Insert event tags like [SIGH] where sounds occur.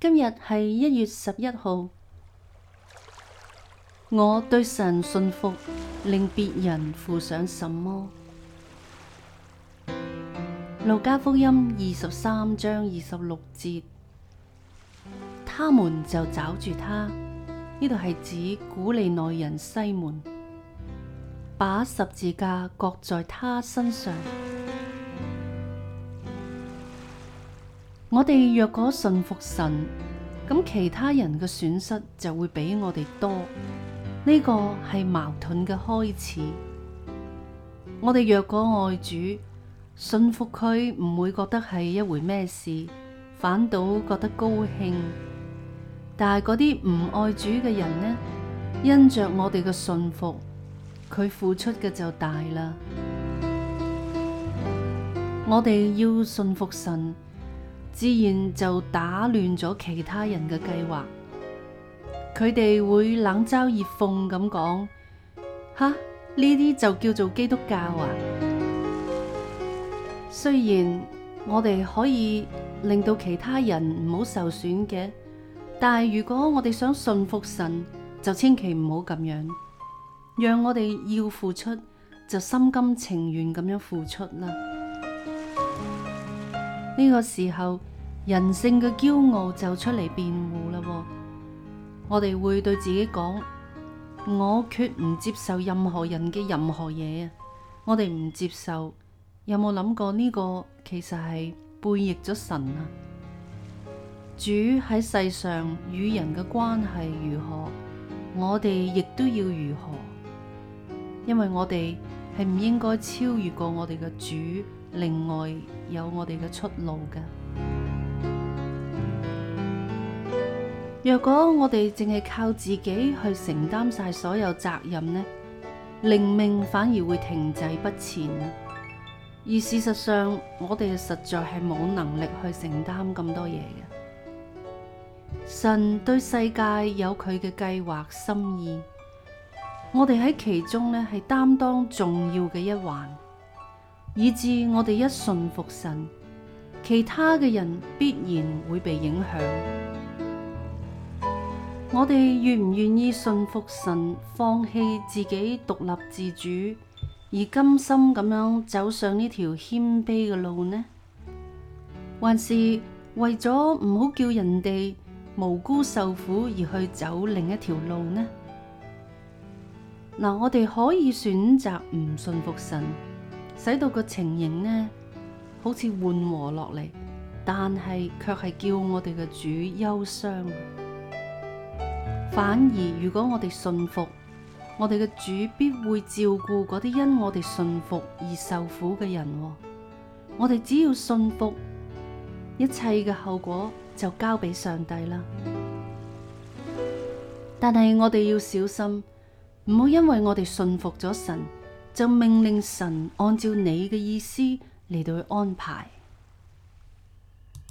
今日係一月十一號。我對神信服，令別人負上什麼？路加福音二十三章二十六節，他們就抓住他，呢度係指古利奈人西門，把十字架擱在他身上。我哋若果信服神，咁其他人嘅損失就會比我哋多。呢個係矛盾嘅開始。我哋若果愛主，信服佢唔會覺得係一回咩事，反倒覺得高興。但係嗰啲唔愛主嘅人呢？因着我哋嘅信服，佢付出嘅就大啦。我哋要信服神。自然就打亂咗其他人嘅計劃，佢哋會冷嘲熱諷咁講：吓，呢啲就叫做基督教啊！ [NOISE] 雖然我哋可以令到其他人唔好受損嘅，但係如果我哋想順服神，就千祈唔好咁樣。讓我哋要付出，就心甘情願咁樣付出啦。呢個時候，人性嘅驕傲就出嚟辯護啦。我哋會對自己講：「我決唔接受任何人嘅任何嘢啊！我哋唔接受，有冇諗過呢個其實係叛逆咗神啊？主喺世上與人嘅關係如何，我哋亦都要如何？因為我哋係唔應該超越過我哋嘅主。另外有我哋嘅出路嘅。若果我哋淨係靠自己去承擔晒所有責任呢，靈命反而會停滯不前。而事實上，我哋實在係冇能力去承擔咁多嘢嘅。神對世界有佢嘅計劃心意，我哋喺其中呢係擔當重要嘅一環。以致我哋一信服神，其他嘅人必然會被影響。我哋願唔願意信服神，放棄自己獨立自主，而甘心咁樣走上呢條謙卑嘅路呢？還是為咗唔好叫人哋無辜受苦而去走另一條路呢？嗱，我哋可以選擇唔信服神。使到個情形呢，好似緩和落嚟，但係卻係叫我哋嘅主憂傷。反而如果我哋信服，我哋嘅主必會照顧嗰啲因我哋信服而受苦嘅人。我哋只要信服，一切嘅後果就交俾上帝啦。但係我哋要小心，唔好因為我哋信服咗神，就命令神按照你嘅意思嚟到去安排。